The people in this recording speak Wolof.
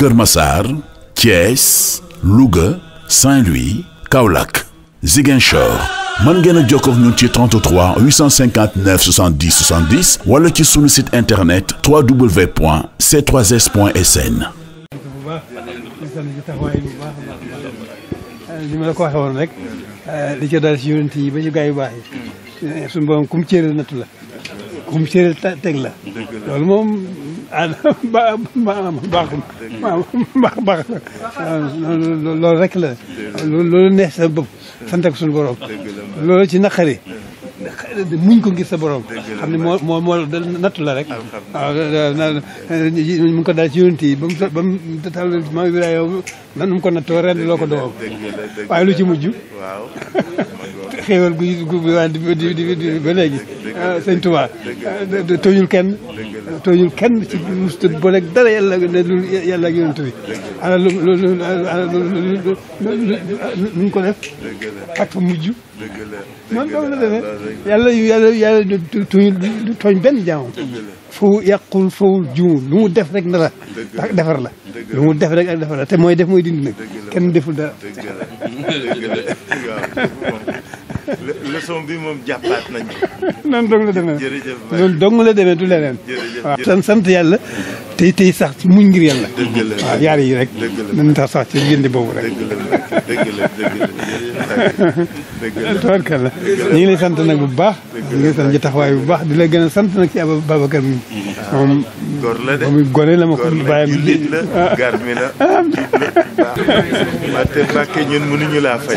Kër Massar Thiès Louga Saint-Louis Kaolack Ziguinchor mën ngeen a jokkoo ak ñun ci 33 859 70 70 wala ci sunu site internet www.c3s.sn. li ma la li ca daal si kum cëral nattu kum cëral teg ah ba ba baax baax baax rek la loolu neex sa bopp sant ak suñu borom loolu ci naqari muñ ko ngir sa borom xam ne moo moo moo nattu la rek waaw mu ngi ko daal ci maa ngi nanum ko nattoo ren loo ko doon waaye lu ci mujj xéewal gu gu di di di ba léegi ah, sëñ Tuubaa ah, tooñul kenn tooñul kenn ci musta boleeg dara yàlla ne lu yàlla ak yonent bi ana lu lu ko def benn jaamam fawul yàqul fawul juumul lu mu def rek na la ak defar la lu mu def rek ak defar la te mooy def koy dindi nag kenn deful dara leçon bi moom jàppaat nañu noonu dong la demee loolu dong la du leneen waaw sant yàlla tey tey sax ci mu ngir yàlla. dëgg la waaw yaar yi rek. dëgg la nañ tax sax ci diggante boobu rek. dëgg la dëgg lay sant nag bu baax. ñu ngi lay sant taxawaay bu baax di la gën a sant nag ci Ababacar mi. waaw góor la de moom gone la ma ko bàyyi. jullit la garmi la. waaw te Mbàkke ñun mënuñu laa fay.